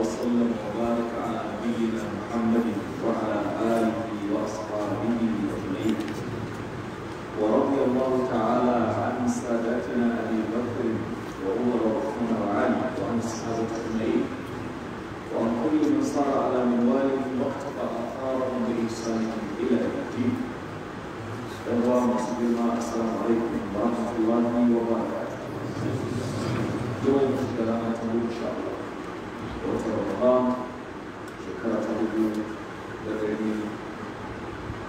وسلم وبارك على نبينا محمد وعلى آله وأصحابه أجمعين ورضي الله تعالى عن سادتنا أبي بكر وعمر وعثمان وعلي وعن الصحابة أجمعين وعن كل من صار على منواله واقتفى آثارهم بإحسان إلى الدين اللهم صل السلام عليكم ورحمة الله وبركاته يوم السلامة إن شاء الله da watan ramadan shekara ta dubu da ɗari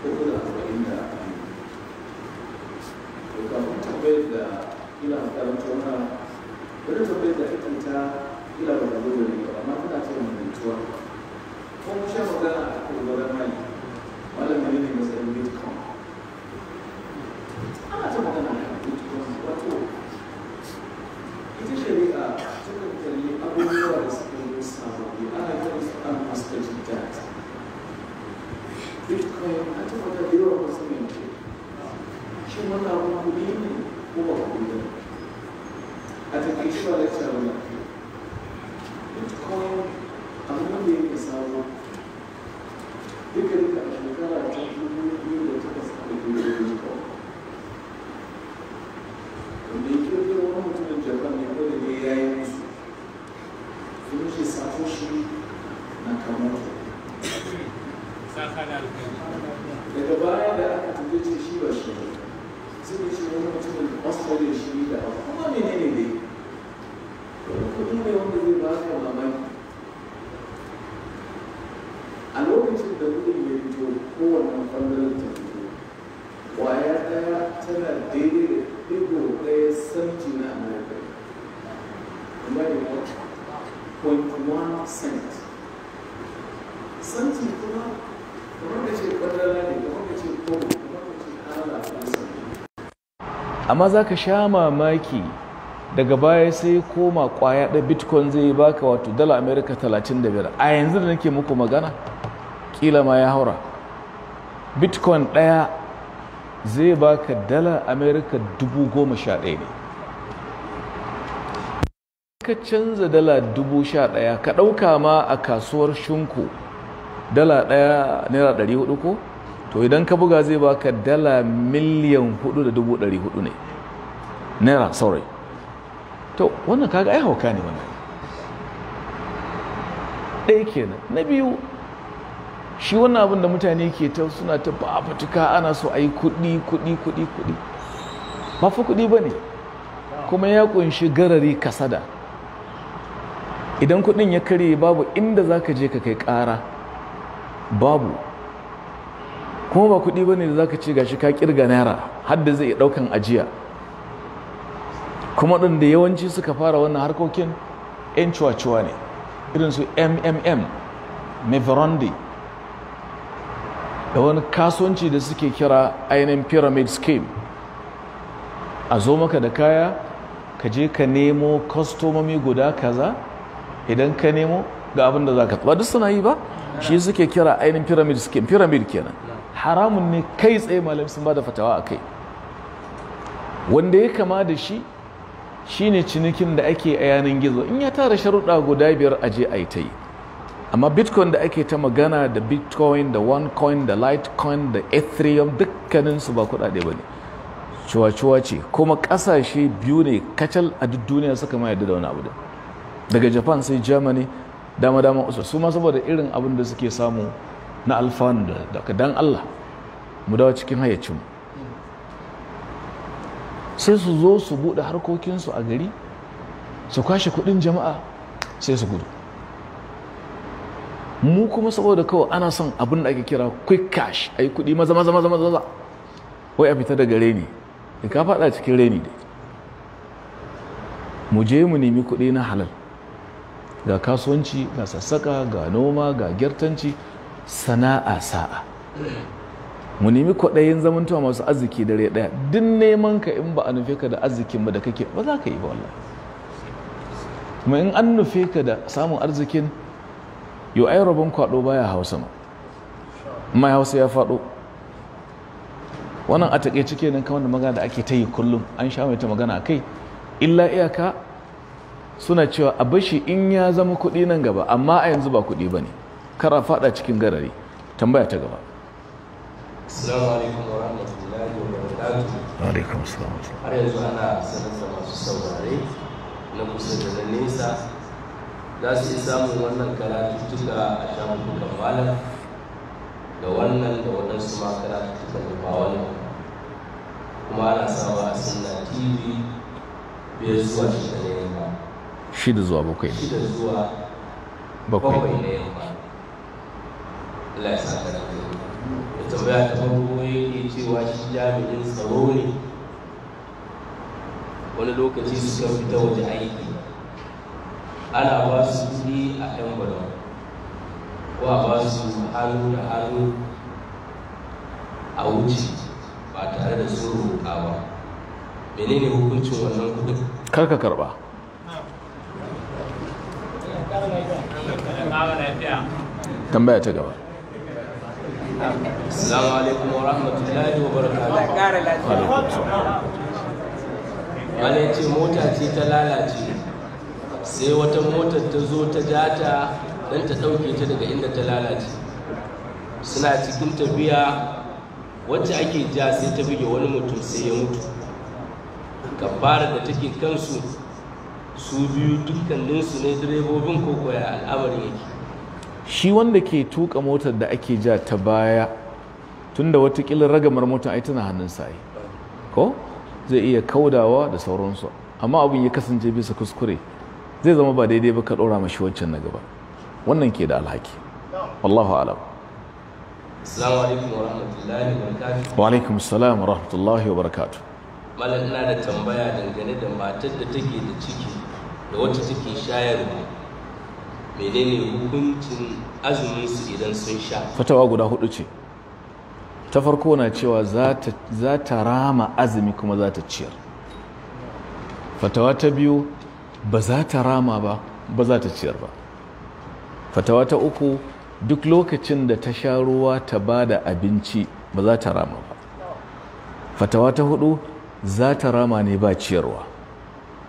uku da arba'in da biyu to kafin da ina karanta wannan wani tambayar da ake ta ila da dole ne amma tana ta yin mutuwa ko mun a kan gwada ne kowane ɓangaren tafiye kwaya ɗaya tana daidai da ɗigo ɗaya santi na amurka kuma da point one cent santi kuma kamar da ce ƙwararra ne kamar da ce kowa kamar da ce ƙarara a amma za ka sha mamaki daga baya sai koma kwaya da bitcoin zai baka wato dala america 35 a yanzu da nake muku magana kila ma ya haura bitcoin ɗaya zai baka dala amerika dubu goma sha ɗaya ne ka canza dala dubu sha ɗaya ka ɗauka ma a kasuwar shinku dala ɗaya naira ɗari hudu ko to idan ka buga zai baka dala miliyan hudu da dubu ɗari hudu ne naira sorry to wannan kaga ai hauka ne wannan ɗaya kenan na biyu shi wannan abin da mutane ke ta suna ta fatuka ana so a yi kuɗi kuɗi kuɗi kuɗi ba fi kuɗi ba ne kuma ya ƙunshi garari kasada idan kuɗin ya karye babu inda za ka je ka kai ƙara babu kuma ba kuɗi ba ne da za ka ce gashi ka kirga naira hadda zai iya ɗaukan ajiya kuma ɗin da yawanci suka fara wannan harkokin 'yan cuwa-cuwa ne irinsu mmm mevrondi da wani kasuwanci da suke kira ainihin pyramid scheme a zo maka da kaya ka je ka nemo kwastomomi guda kaza idan ka nemo ga abin da za ka ba duk suna yi ba shi suke kira ainihin pyramid scheme pyramid kenan haramun ne kai tsaye malam sun ba da fatawa a kai wanda ya kama da shi shi ne cinikin da ake a yanan gizo in ya tara sharuɗa guda biyar aje a yi ta yi amma bitcoin da ake ta magana da bitcoin da onecoin da litecoin da ethereum dukkaninsu ba kudade ba ne cuwa-cuwa ce kuma kasashe biyu ne kacal a duk duniya suka ma da wani abu da daga japan sai germany dama-dama usul su ma saboda irin abin da suke samu na alfanu da dan allah mu dawo cikin hayyacin sai su zo su buɗe harkokinsu a gari su kwashe kuɗin jama'a sai su gudu mu kuma saboda kawai ana son abin da ake kira quick cash a yi kudi maza maza maza maza wai a fita daga reni da ka fada cikin reni dai mu je mu nemi kudi na halal ga kasuwanci ga sassaka ga noma ga gyartanci sana'a sa'a mu nemi kwaɗayin zamantowa masu arziki dare ɗaya duk neman ka in ba a nufe ka da arzikin ba da kake ba za ka yi ba wallahi kuma in an nufe ka da samun arzikin yau ai rabon kwaɗo baya hausa ma mai hausa ya faɗo wannan a taƙaice kenan kamar da magana da ake ta yi kullum an sha mai ta magana a kai illa iyaka suna cewa a bashi in ya zama kuɗi nan gaba amma a yanzu ba kuɗi ba ne kara faɗa cikin garari tambaya ta gaba Assalamu alaikum wa rahmatullahi wa barakatuhu. Wa alaikum assalam. Har yanzu ana sanar da masu saurare na kusa da na nesa za su yi samun wannan karatuttuka a shafukan malam da wannan da wannan su ma karatuttuka da ba wannan kuma ana sawa a sinna tv biyar zuwa shida na yamma shida zuwa bakwai shida zuwa bakwai na yamma Allah ya sa ka da ya tambaya ta farko cewa shi jami'in tsaro ne wani lokaci suka fita waje aiki ana ba su kuɗi a ɗan gwada ko a ba su hannu da hannu a wuce ba tare da sun roƙa ba menene hukuncin wannan kuɗin karka karba. tambaya ta gaba Assalamu alaikum wa rahmatullahi wa barakatuhu. Allah ya ce mota ce ta lalace sai wata motar ta zo ta jata don ta ɗauke ta daga inda ta lalace suna cikin tafiya wacce ake ja sai ta buge wani mutum sai ya mutu gabara da take kansu su biyu dukkaninsu ne direbobin ko al'amarin yake shi wanda ke tuka motar da ake ja ta baya tunda watakila ragamar motar ai tana hannun sa ko zai iya kaudawa da sauransu amma abin ya kasance bisa kuskure zai zama ba daidai ba ka ɗora mashi wancan na gaba wannan ke da alhaki wallahu alam wa alaikum salam wa rahmatullahi wa barakatu malam ina da tambaya dangane da matar da take da ciki da wata take shayar shayarwa menene hukuncin azumin su idan sun sha fatawa guda hudu ce ta farko na cewa za ta rama azumi kuma za ta ciyar fatawa ta biyu ba za ta rama ba ba za ta ciyar ba fatawa ta uku duk lokacin da ta sha ruwa ta ba da abinci ba za ta rama ba fatawa ta hudu za ta rama ne ba ciyarwa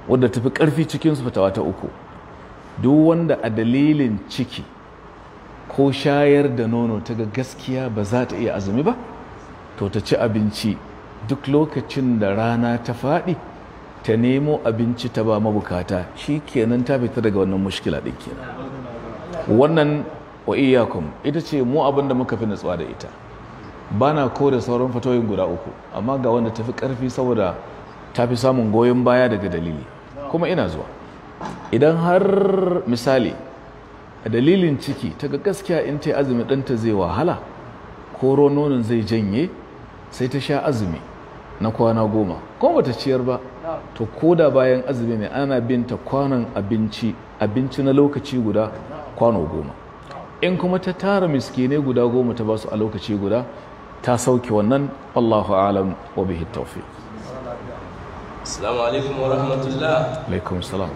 wadda tafi karfi cikinsu fatawa ta uku duk wanda a dalilin ciki ko shayar da nono ta ga gaskiya ba za ta iya azumi ba to ta ci abinci duk lokacin da rana ta faɗi ta nemo abinci ta ba mabukata shi kenan ta fita daga wannan mushkila ɗin kenan wannan wa iyakum ita ce mu abin da muka fi nutsuwa da ita ba na kore sauran fatoyin guda uku amma ga wanda tafi karfi saboda ta fi samun goyon baya daga dalili kuma ina zuwa idan har misali dalilin ciki ta ga gaskiya in ta yi azumi ɗanta zai wahala ko nonon zai janye sai ta sha azumi na kwana goma ko bata ciyar ba to ko da bayan azumi ne ana binta kwanon abinci abinci na lokaci guda kwano goma in kuma ta tara miskinai guda goma ta basu a lokaci guda ta sauke wannan Allahu alam wa bihi tawfiq Assalamu alaikum wa rahmatullah alaikum salam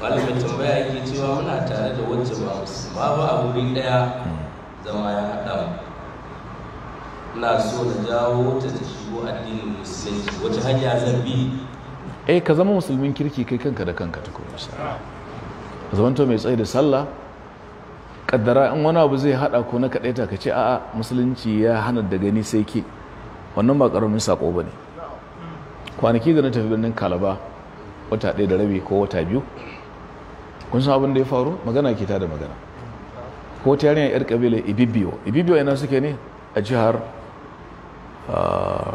malamin tambaya ke cewa muna tare da wacce ba musulma ba a wuri daya hmm. zama ya haɗa mu na so na jawo ta ta shigo addinin musulunci wace hanya zan bi eh ka zama musulmin kirki kai kanka da kanka ta sa zamanto mai tsaye da sallah kaddara in wani abu zai hada ko na kadai ka ce a'a musulunci ya hana da gani sai ke wannan ba karamin sako ba ne kwanaki da na tafi birnin kalaba wata ɗaya da rabi ko wata biyu kun san abin da ya faru magana ke ta da magana ko ta yarinya yar kabila ibibiyo ibibiyo yana suke ne a jihar Uh,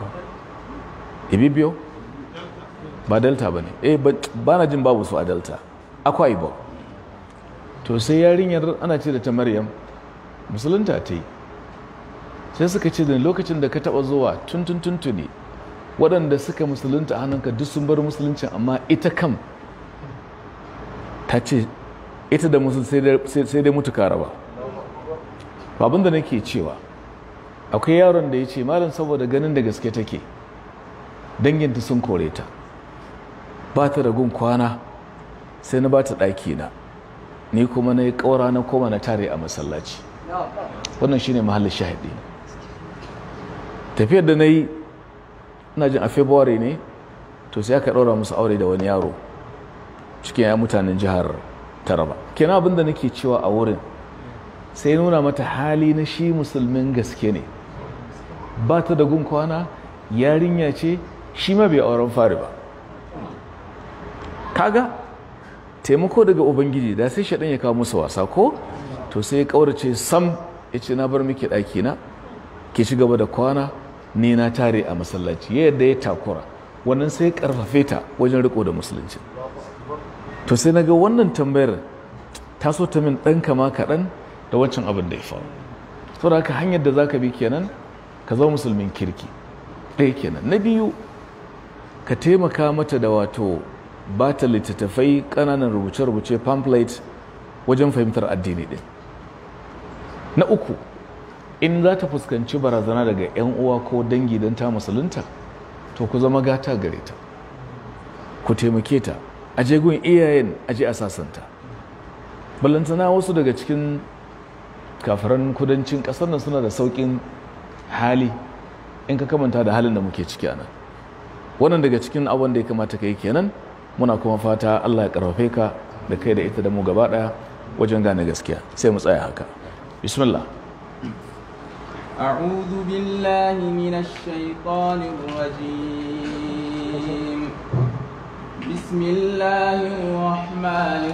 ibibio ba delta ba ne eh ba na jin babu su a delta akwai ba to sai yarinyar ana ce da ta maryam musulunta ta yi sai suka ce da lokacin da ka taba zuwa tuntuntuntuni waɗanda suka musulunta a hannunka duk sun bar musuluncin amma ita kam ta ce ita da musul sai dai mutu karaba Ba da nake cewa akwai yaron da ya ce malam saboda ganin da gaske take danginta sun kore ta ba ta da gun kwana sai na ba ta ɗaki na ni kuma na yi ƙaura na koma na tare a masallaci wannan shine mahallin shahidi tafiyar da na yi ina jin a february ne to sai aka ɗaura musu aure da wani yaro cikin ya mutanen jihar taraba kenan abin da nake cewa a wurin sai nuna mata hali na shi musulmin gaske ne ba ta da gun kwana yarinya ce shi ma bai auren fari ba kaga taimako daga ubangiji da sai shaɗan ya kawo musu wasa ko to sai ya ƙaurace sam ya ce na bar miki ɗaki na ki ci gaba da kwana ni na tare a masallaci ya yadda ya takura wannan sai ya ƙarfafe ta wajen riko da musulunci to sai na ga wannan tambayar ta so ta min ɗan kama kaɗan da wancan abin da ya faru saboda haka hanyar da za ka bi kenan ka zama musulmin kirki ɗaya kenan na biyu ka taimaka mata da wato ba ta littattafai ƙananan rubuce-rubuce pamphlet wajen fahimtar addini ɗin na uku in za ta fuskanci barazana daga 'yan uwa ko dangi don ta musulunta to ku zama gata gare ta ku taimake ta a je iyayen a a sasanta ballantana wasu daga cikin kafaran kudancin ƙasar nan suna da sauƙin hali in ka kamanta da halin da muke ciki anan wannan daga cikin abin da ya kamata ka yi kenan muna kuma fata Allah ya karfafe ka da kai da ita da mu gaba daya wajen gane gaskiya sai mu tsaya haka bismillah أعوذ بالله من الشيطان الرجيم بسم الله الرحمن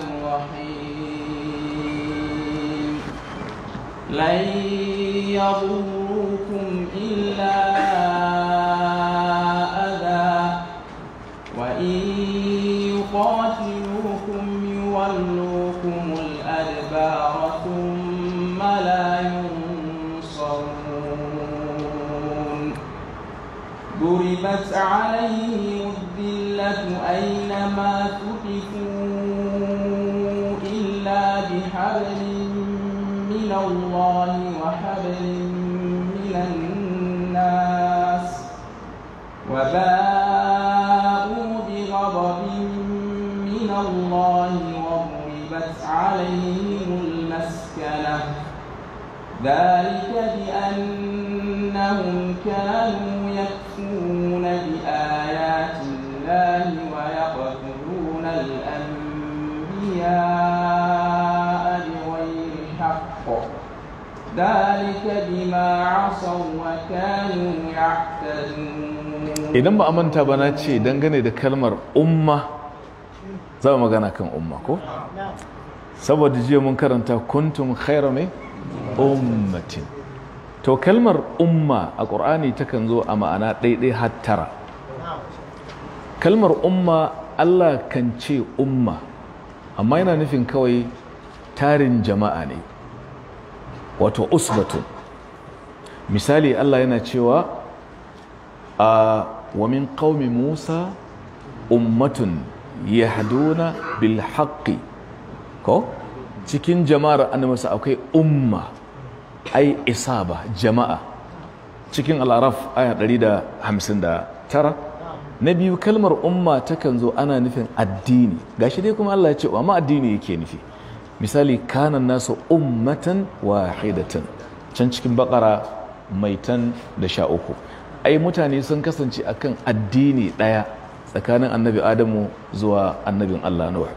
لن يضروكم إلا أذى وإن يقاتلوكم يولوكم الأدبار ثم لا ينصرون ضربت عليهم الذلة أينما تكون من الله وحبل من الناس وباءوا بغضب من الله وضربت عليهم المسكنة ذلك بأنهم كانوا يكفرون بآيات الله ويقتلون الأنبياء ذلك بما عصوا وكانوا يعتدون idan ba a manta ba na ce dangane da kalmar umma za mu magana kan umma ko saboda jiya mun karanta kuntum khaira mai ummatin to kalmar umma a ƙur'ani takan zo a ma'ana ɗaiɗai hattara kalmar umma allah kan ce umma amma yana nufin kawai tarin jama'a ne wato usbatu misali Allah yana cewa a wa min qaumi Musa ummatun yahduna bil haqqi ko cikin jama'ar annabinsa akwai umma ai isaba jama'a cikin al'araf aya 159 na biyu kalmar umma takan zo ana nufin addini gashi dai kuma Allah ya ce wa ma addini yake nufi misali kanan nasu ummatan wahidatan can cikin bakara maitan da sha uku ai mutane sun kasance a kan addini ɗaya tsakanin annabi adamu zuwa annabin allah nuh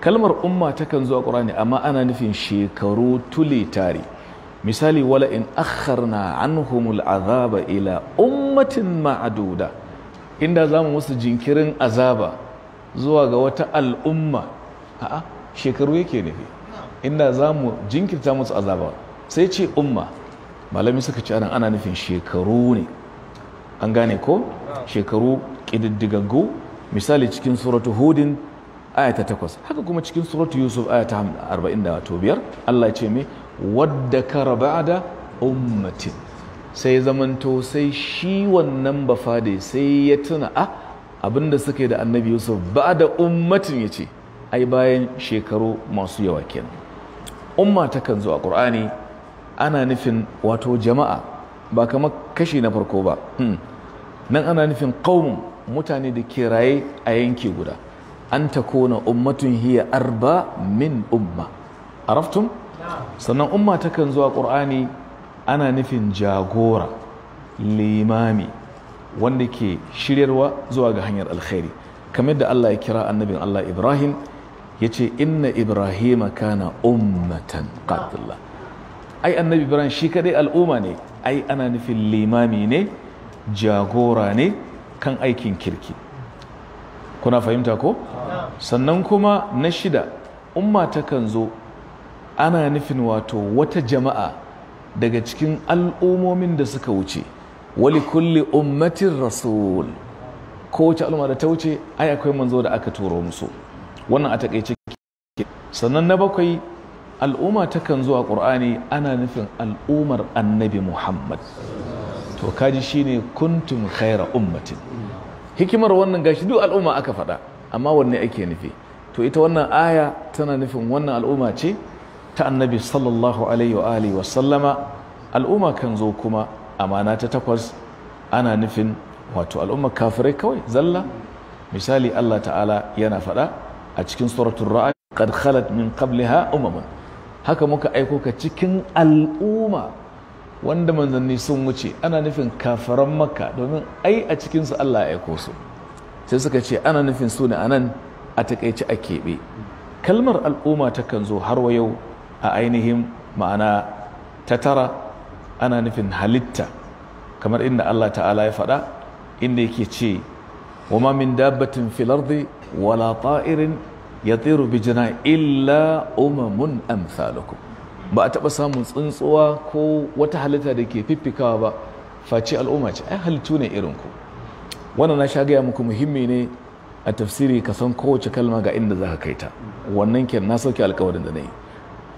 kalmar umma takan zuwa ƙur'ani amma ana nufin shekaru tuli tare. misali wala in akharna anhumul azaba ila ummatin ma'aduda inda zamu musu jinkirin azaba zuwa ga wata al'umma a'a shekaru yake nufi inda za mu jinkirta musu azaba sai ce umma malami suka ci anan ana nufin shekaru ne an gane ko shekaru ƙididdigaggu misali cikin suratu hudin ayata takwas haka kuma cikin suratu yusuf ayata arba'in da wato biyar allah ce mai wadda kara ba'ada ummatin sai zamanto sai shi wannan bafade sai ya tuna a ah, abinda suke da annabi yusuf ba'ada ummatin ya ce ai bayan shekaru masu yawa kenan umma takan zo ƙur'ani ana nufin wato jama'a ba kamar kashi na farko ba hmm. nan ana nufin qaumun mutane da ke raye a yanki guda an takona ummatun hiya arba min umma araftum sannan umma takan zuwa a ƙur'ani ana nufin jagora limami wanda ke shiryarwa zuwa ga hanyar alkhairi kamar da Allah ya kira annabin Allah Ibrahim ya ce inna ibrahim kana ummatan qatila ai annabi ibrahim shi kadai al'umma ne ai ana nufin limami ne jagora ne kan aikin kirki kuna fahimta ko sannan kuma na shida umma takan zo ana nufin wato wata jama'a daga cikin al'ummomin da suka wuce wali kulli ummatin rasul kowace al'umma da ta wuce ai akwai manzo da aka turo musu wannan a takaice sannan na bakwai al'umma takan zuwa ƙur'ani ana nufin al'ummar annabi muhammad to kaji shine kuntum khaira ummatin hikimar wannan gashi duk al'umma aka faɗa amma wanne ake nufi to ita wannan aya tana nufin wannan al'umma ce ta annabi sallallahu alaihi wa alihi wa sallama al'umma kan zo kuma amana ta takwas ana nufin wato al'umma kafirai kawai zalla misali Allah ta'ala yana faɗa a cikin suratul ra'a qad khalat min qabliha umamun haka muka aiko ka cikin al'umma wanda manzanni sun wuce ana nufin kafaran makka domin ai a cikinsu allah ya aiko su sai suka ce ana nufin su ne a nan a takaici a keɓe kalmar al'umma takan zo har wa yau a ainihin ma'ana ta tara ana nufin halitta kamar inda allah ta'ala ya faɗa inda yake ce wa ma min dabbatin fil ardi wala ta'irin ya bi bijina illa umamun amsalukum ba a taɓa samun tsuntsuwa ko wata halitta da ke fiffikawa ba face al'umma ce ai halittu ne irinku ku wannan na sha gaya muku muhimmi ne a tafsiri ka san kowace kalma ga inda za ka kai ta wannan ke na sauke alkawarin da na yi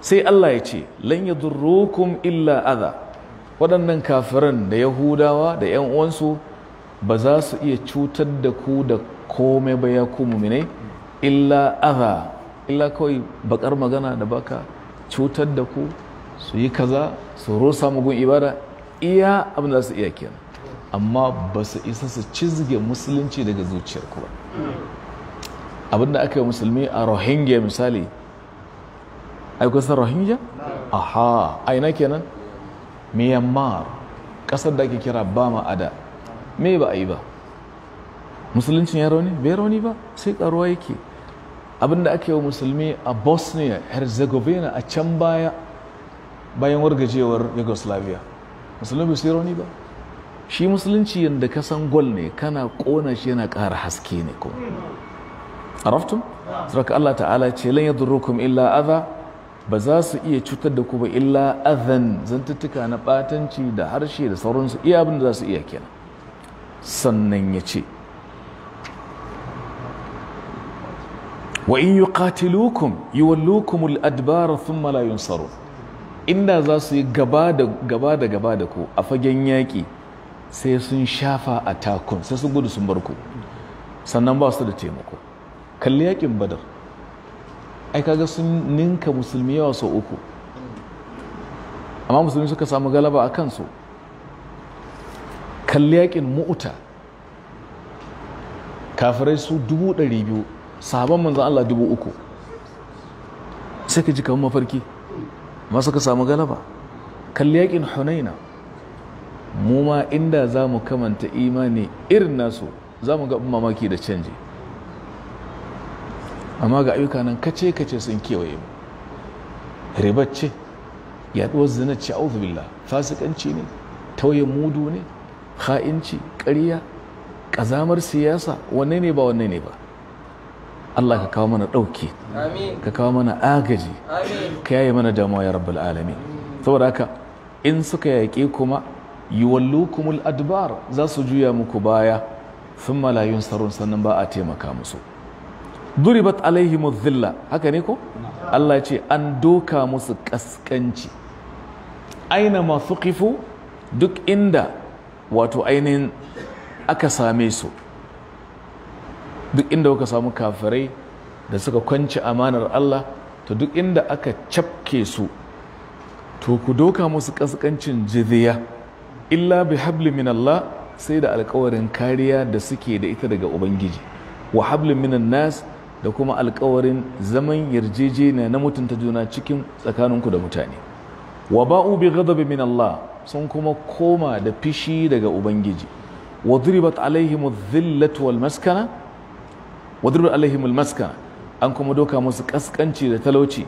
sai Allah ya ce lan yadurrukum illa aza waɗannan kafiran da yahudawa da 'yan uwansu ba za su iya cutar da ku da komai bai ya ku muminai illa aza illa kawai bakar magana da baka cutar da ku su yi kaza su rusa mugun ibada iya abin da su iya kenan amma ba su isa su cizge musulunci daga zuciyar ku ba abin da aka yi musulmi a rohingya misali ai san rohingya aha aina kenan myanmar ƙasar da ake kira bama ada me ba a yi ba musulunci ya rauni bai rauni ba sai karuwa yake abinda ake wa musulmi a bosnia herzegovina a can baya bayan wargajewar yugoslavia musulmi bai sai rauni ba shi musulunci yadda ka san gol ne kana kona shi yana ƙara haske ne ko raftun saboda Allah ta'ala ce lan yadurrukum illa adha ba za su iya cutar da ku ba illa adhan zantuttuka na batanci da harshe da sauransu iya abin da za su iya kenan sannan ya ce wa in yi yi yuwallukumul adbara sun malayun tsaro inda za su yi gaba da gaba da ku a fagen yaƙi sai sun shafa a takun sai sun gudu sun bar ku sannan ba su da taimako kalli yaƙin badar ai kaga sun ninka musulmi yawa sau uku amma musulmi suka samu galaba a kansu kalli yaƙin mu'uta kafirai su dubu ɗari biyu sabon manzan Allah dubu uku sai ka ji kamar mafarki masu ka samu galaba kalli yakin hunaina mu ma inda za mu kamanta imani irin nasu za mu ga mamaki da canji amma ga ayyuka nan kace kace sun kewaye mu ribacce yaɗuwar zina ce auzu billah fasikanci ne tauye mudu ne ha'inci ƙarya ƙazamar siyasa wanne ne ba wanne ne ba Allah ka kawo mana ɗauke, ka kawo mana agaji ka yaye mana damuwa ya rabbal alamin saboda haka in suka yaƙe kuma yuwallukumul adbar za su juya muku baya thumma la yunsarun sannan ba a taimaka musu duribat alaihim dhilla haka ne ko Allah ce an doka musu kaskanci aina masu kifu duk inda wato ainihin aka same su duk inda kuka samu kafirai da suka kwanci amanar Allah to duk inda aka cafke su to ku doka musu kaskancin jiziya illa bi habli min Allah sai da alkawarin kariya da suke da ita daga ubangiji wa hablin minan nas da kuma alkawarin zaman yarjejeniya na mutunta juna cikin tsakaninku da mutane wa ba'u bi ghadabi min Allah sun kuma koma da fishi daga ubangiji wa dhribat alaihimu dhillatu wal maskana wadrib alaihim almaska an kuma doka musu kaskanci da talauci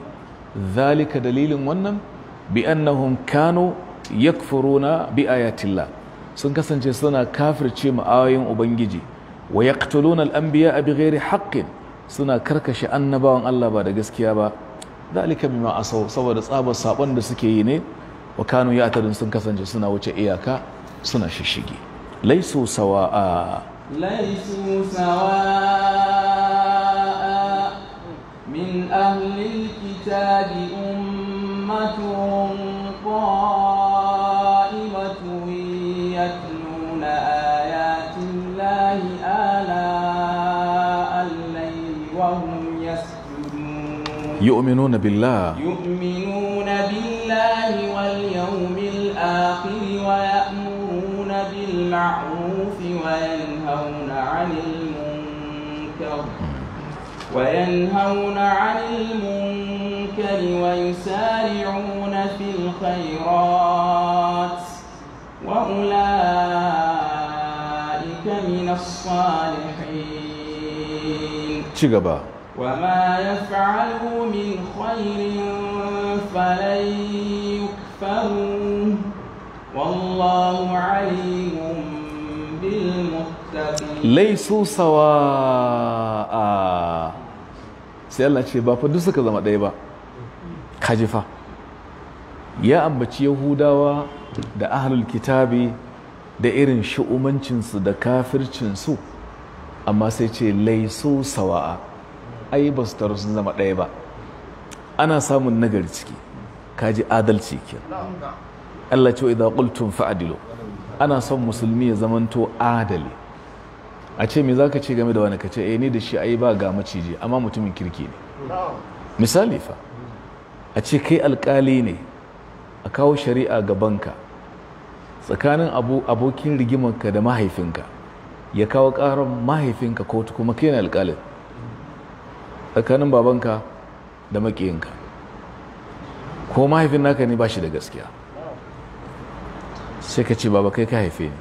zalika dalilin wannan bi annahum kanu yakfuruna bi ayatillah sun kasance suna kafirce mu ubangiji wa yaqtuluna al-anbiya bi ghairi haqqin suna karkashe annabawan Allah ba da gaskiya ba zalika bima asaw saboda tsabar sabon da suke yi ne wa kanu sun kasance suna wuce iyaka suna shishige laisu a. ليسوا سواء من أهل الكتاب أمة قائمة يتلون آيات الله آلاء الليل وهم يسجدون يؤمنون بالله يؤمنون بالله واليوم الآخر ويأمرون بالمعروف وينهون عن المنكر وينهون عن المنكر ويسارعون في الخيرات وأولئك من الصالحين وما يفعلوا من خير فلن يكفروا والله عليم بالمتقين laisu sawa sai Allah ce ba fa duk suka zama ɗaya ba kajifa ya ambaci yahudawa da ahlul kitabi da irin shi'umancinsu da kafircinsu amma sai ce laisu a ai ba su taru sun zama ɗaya ba ana samun nagari ciki kaji adalci ke Allah ce wa idan qultum fa'dilu ana son musulmi ya zamanto adali a ce me za ka ce game da wani ka ce eh ni da shi ai ba ga maciji amma mutumin kirki ne misali fa a ce kai alkali ne a kawo shari'a gabanka tsakanin abokin rigimanka da mahaifinka ya kawo karar mahaifinka kotu kuma kai ne alkalin tsakanin babanka da makiyinka ko mahaifin naka ne ba shi da gaskiya sai ka ce baba kai ka haife ni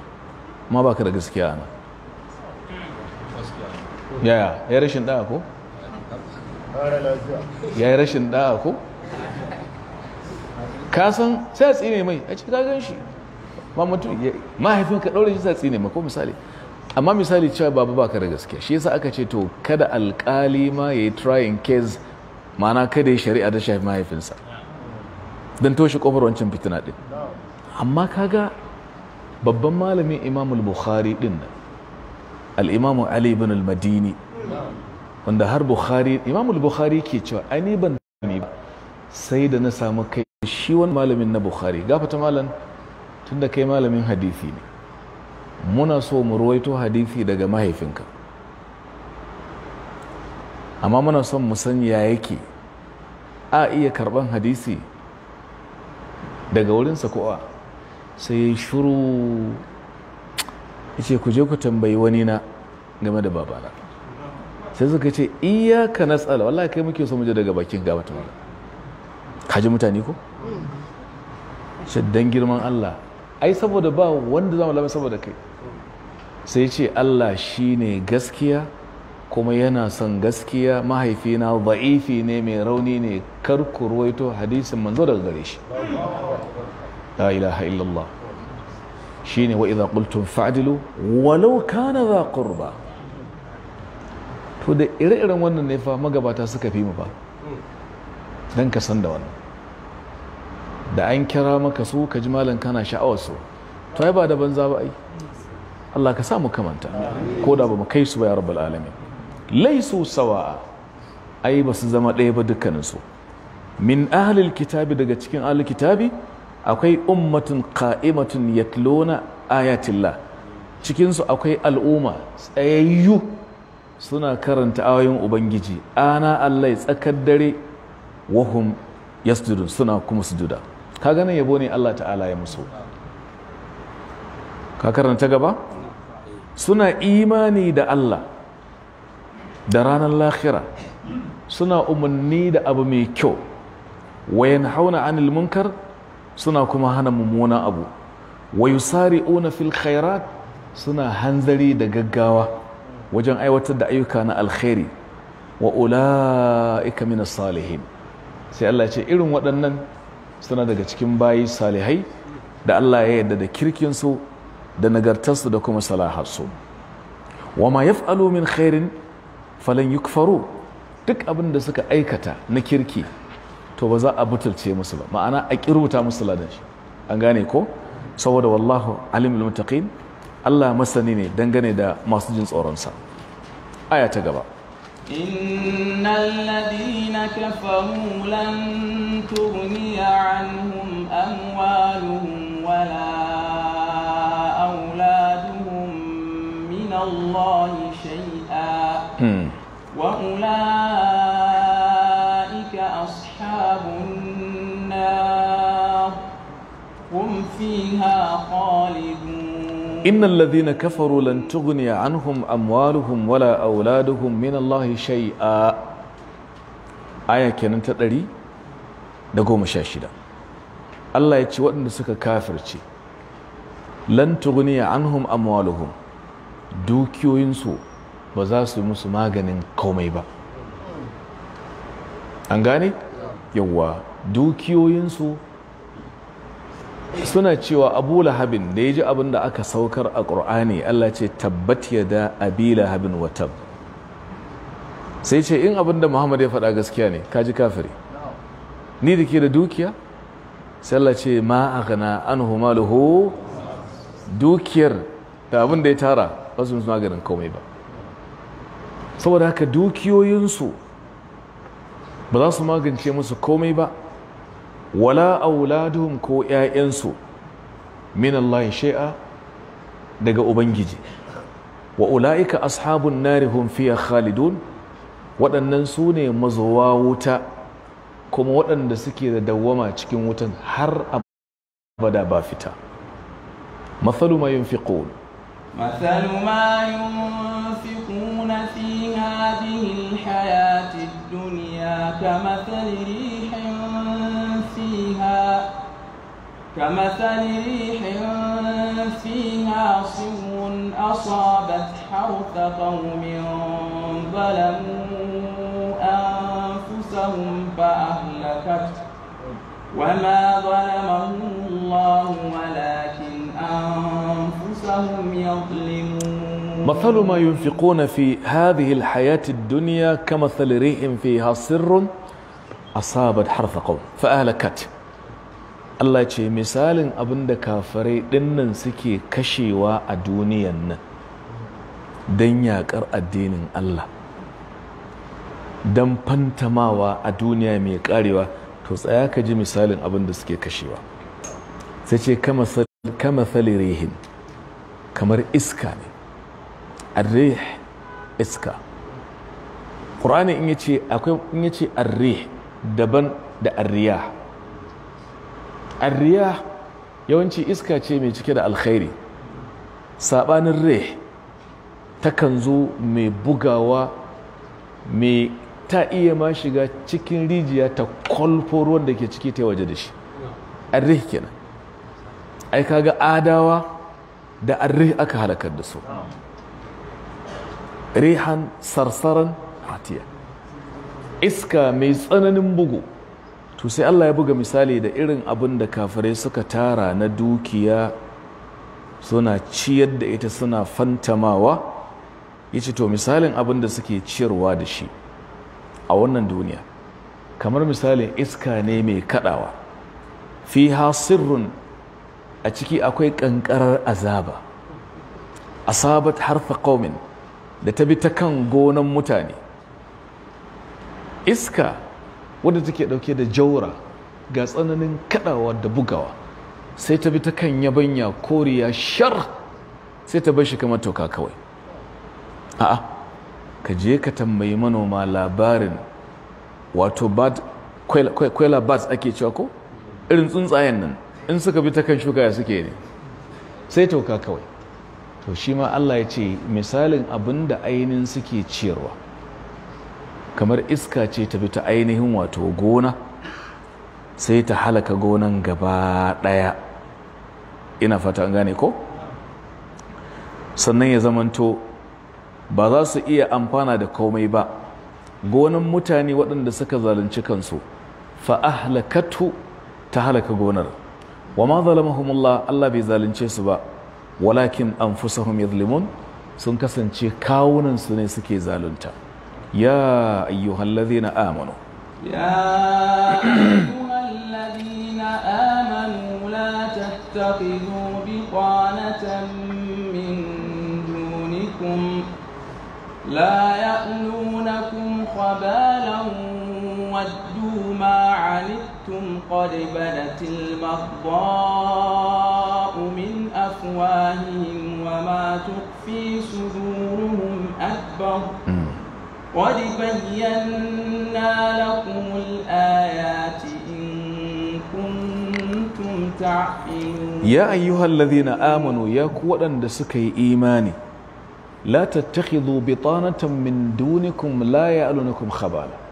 ma ka da gaskiya ana yaya ya rashin da'a ko ya yi rashin da'a ko kasan sai a tsine mai a cikin gagan shi ma mutum mahaifin ka ɗaure shi sai a tsine mai ko misali amma misali cewa babu baka da gaskiya shi yasa aka ce to kada alkali ma ya yi trying case mana kada ya shari'a da shafi mahaifinsa don toshe kofar wancan fitina din amma kaga babban malamin imamul bukhari din nan al'imamu ali ibn al wanda har bukhari imamu bukhari ke cewa ani ban ne ba sai da na samu kai shi wani malamin na bukhari gafata malam tun da kai malamin hadisi ne muna so mu ruwaito hadisi daga mahaifinka amma muna son mu san ya yake a iya karban hadisi daga wurinsa kuwa a sai ya shuru ce ku je ku tambayi wani na game da babana sai suka ce iya ka natsala wallahi kai muke so mu daga bakin gaba ta ka ji mutane ko shaddan girman Allah ai saboda ba wanda zamu lamu saboda kai sai ce Allah shi ne gaskiya kuma yana son gaskiya mahaifina ba'ifi ne mai rauni ne ku ruwaito hadisin manzo daga gare shi la ilaha illallah shine wa idza kultun fa'dilu walau kana za kurba? to da ire-iren wannan ne fa magabata suka fi mu fa dan ka san da wannan da an kira maka su ka ji malam kana sha'awar su to ai ba da banza ba ai Allah ka samu kamanta ko da ba mu kai su ba ya rabbal alamin laisu sawa. ai ba su zama ɗaya ba dukkaninsu min ahlil kitabi daga cikin ahlil kitabi akwai ummatun kaimatun yatluna ayatillah cikinsu akwai al'umma tsayayyu suna karanta ayoyin ubangiji ana allai tsakar dare wahum yasjudun suna kuma sujuda ka ganin yabo ne Allah ta'ala ya musu ka karanta gaba suna imani da Allah da ranar lahira suna umarni da abu mai kyau wayan hauna anil munkar suna kuma hana mummunan abu wa yusari'una fil khairat suna hanzari da gaggawa wajen aiwatar da ayyuka na alkhairi wa ula'ika min salihin sai Allah ce irin waɗannan suna daga cikin bayi salihai da Allah ya yarda da kirkinsu da nagartarsu da kuma salaharsu wa ma yaf'alu min khairin falan yukfaru duk abin da suka aikata na kirki to ba za a butulce musu ba ma'ana a kiruta musu ladan shi an gane ko saboda wallahu alimul muttaqin Allah masani ne dangane da masu jin tsoronsa aya ta gaba إن الذين كفروا لن تغني عنهم أموالهم wala, أولادهم من shay'a hmm. wa ulai أصحاب النار هم فيها خالدون إن الذين كفروا لن تغني عنهم أموالهم ولا أولادهم من Allah ya ce waɗanda suka kafirci lantugniya an hum dukiyoyinsu ba za yi musu maganin komai ba an gani yawa dukiyoyinsu suna cewa abu lahabin da ya ji abin da aka saukar a ƙur'ani allah ce tabbat ya da abi lahabin watab sai ce in abin da muhammad ya faɗa gaskiya ne ka ji kafiri ni da ke da dukiya sai allah ce ma a gana an humaluhu dukiyar da abin da ya tara ba su suna ganin komai ba saboda haka dukiyoyinsu ba za su magance musu komai ba wala auladuhum ko 'ya'yansu min Allah shay'a daga ubangiji wa ula'ika ashabun nari hum khalidun waɗannan su ne mazowa wuta kuma waɗanda suke da dawwama cikin wutan har abada ba fita mathalu ma yunfiqun mathalu ma yunfiquna fi hadhihi alhayati ad كمثل ريح فيها كمثل ريح فيها صو أصابت حرث قوم ظلموا أنفسهم فأهلكت وما ظلمهم الله ولكن أنفسهم يظلمون مثل ما ينفقون في هذه الحياة الدنيا كمثل ريح فيها سر أصابت حرث قوم فأهلكت Allah ce misalin abin da kafirai suke kashewa a duniyan nan don yaƙar addinin Allah don fantamawa a duniya mai ƙarewa to tsaya ka ji misalin abin da suke kashewa sai ce kama thalirihin kamar iska ne arrih iska ƙur'ani in yace akwai in yace arrih daban da arriya arriya yawanci iska ce mai cike da alkhairi sabanin rih takan zo mai bugawa mai ta iya ma shiga cikin rijiya ta kwalforo wanda da ke ciki ta waje da shi arrih kenan ai kaga adawa da arrih aka halakar da su rihan sarsaran atiya iska mai tsananin bugu to sai Allah ya buga misali da irin abin da kafirai suka tara na dukiya suna ciyar da ita suna fantamawa ya ce to misalin abin da suke ciyarwa da shi a wannan duniya kamar misalin iska ne mai kadawa fi sirrin. a ciki akwai kankarar azaba asabat harfa qaumin da ta bi ta kan gonan mutane iska wadda take dauke da jaura ga tsananin kadawa da bugawa sai ta bi ta kan yabanya koriya shar sai ta bar shi kamar toka kawai a'a ka je ka tambayi manoma labarin wato bad kwela bats ake cewa ko irin tsuntsayen nan in suka bi ta kan shuka ya suke ne sai toka kawai to shi ma Allah ya ce misalin abin da ainihin suke ciyarwa kamar iska ce ta bi ta ainihin wato gona sai ta halaka gonan gaba ɗaya ina fata gane ko sannan ya zamanto ba za su iya amfana da komai ba gonan mutane waɗanda suka zalunci kansu fa'ahlakatu ta halaka gonar wa ma zalamahumullah Allah bai zalunce su ba walakin anfusahum yadhlimun sun kasance kawunan su ne suke zalunta ya ayyuhal ladhina amanu ya ayyuhal ladhina amanu la tattakhidhu biqanatan min dunikum la ya'lunakum khabalan waddu ma 'anittum qad badat al-maghdha'u min أفواههم وما تخفي صدورهم أكبر قد بينا لكم الآيات إن كنتم تعقلون يا أيها الذين آمنوا يا كوأن دسكي إيماني لا تتخذوا بطانة من دونكم لا يألونكم خبالا